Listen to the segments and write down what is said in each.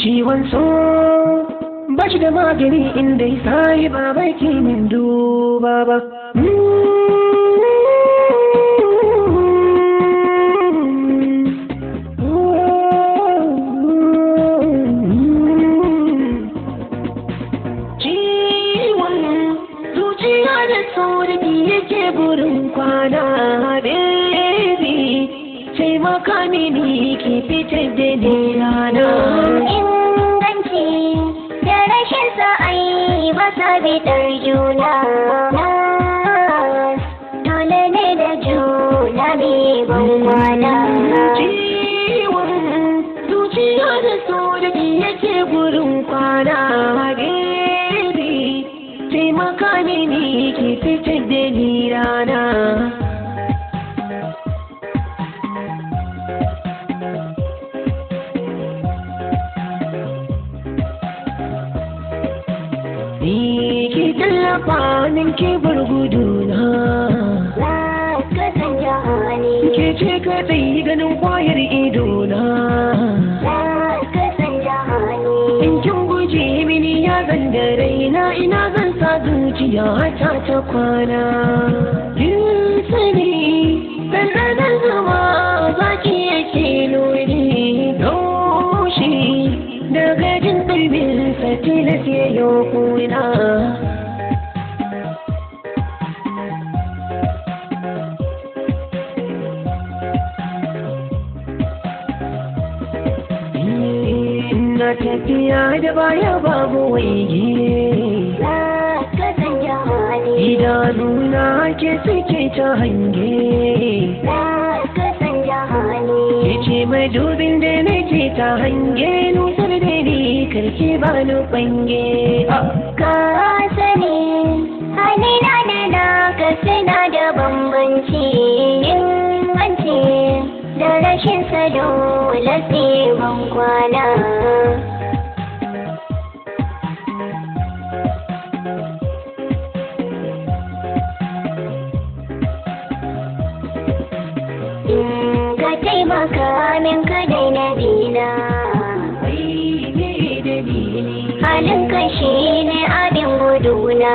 ciwon so ba shi da magani inda ya sayi ba bai duba ba ciwon zuciya da sauri yake burin kwana haɗe makami ne ke fitar da ni rana inganci da rashin sa'ai ba sa bitar juna dole ne da juna mai gwargwana ciwon zuciya da so da yake gurin kwana taimaka mini ke fitar da ni rana tallafa min kebar guduna ke ce kadai ganin kwayar idona in kin guji mini ya zanga raina ina zan sa zuciya ta ta kwana kin sani ɗanɗanar zama zaki yake nuni naushi daga jin ɗalbin satilas ya yi kuna na tafiya da baya babu waige idanuna ke suke ta hange ce madubin da nake ta hange nusar da ni karki ba ni bange ka sani halina da na ka suna da bambanci yin da rashin sa dole sai ban ka taimaka min ka daina bina halin ka shi ne abin guduna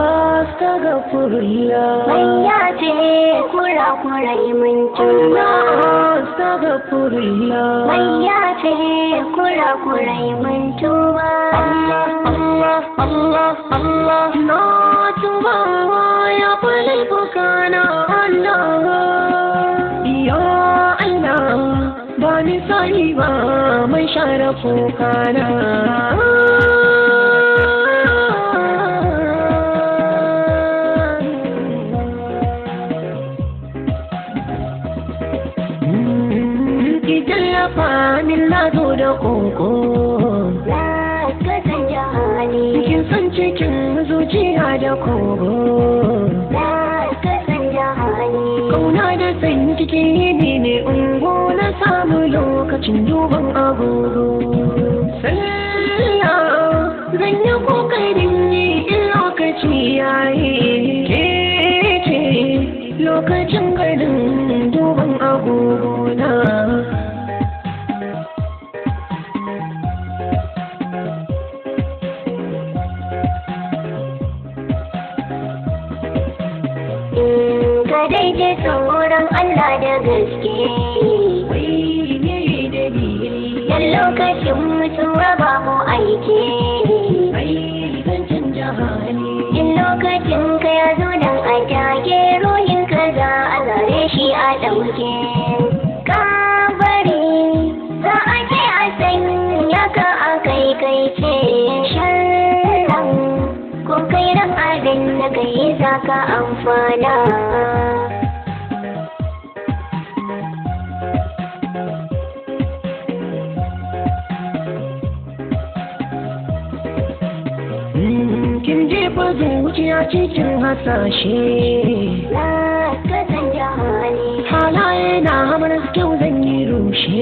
ta gafurla manya ce kura kurai mun tuba ta gafurla manya ce kura kurai mun tuba Allah Allah Allah Allah na tuba ya fali bukana Allah ya Allah bani ni sani ba mai share kokana fa min lado da koko. Na kasance hali. Kin san cikin zuciya da kogo. Na kasance hali. Kauna da san kike ne ne ungo na samu lokacin duban agogo. Sallah zan yi kokarin yi in lokaci yayi. Ke ce lokacin garin dai je wurin Allah da gaske yan lokacin mutuwa ba mu aike da yi za ka amfana mm, Kin jefa zuciya cikin hasashe Na kasan Halaye na hamar kyau zan yi rushe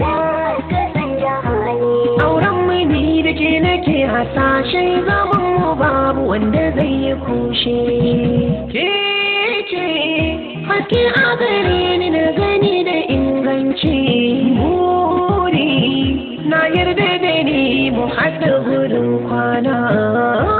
Na kasan Auren mai da ke nake hasashe zama babu wanda zai yi kushe ke ce haske a gare ni na gani da inganci buri na yarda da ni mu haɗa gudun kwana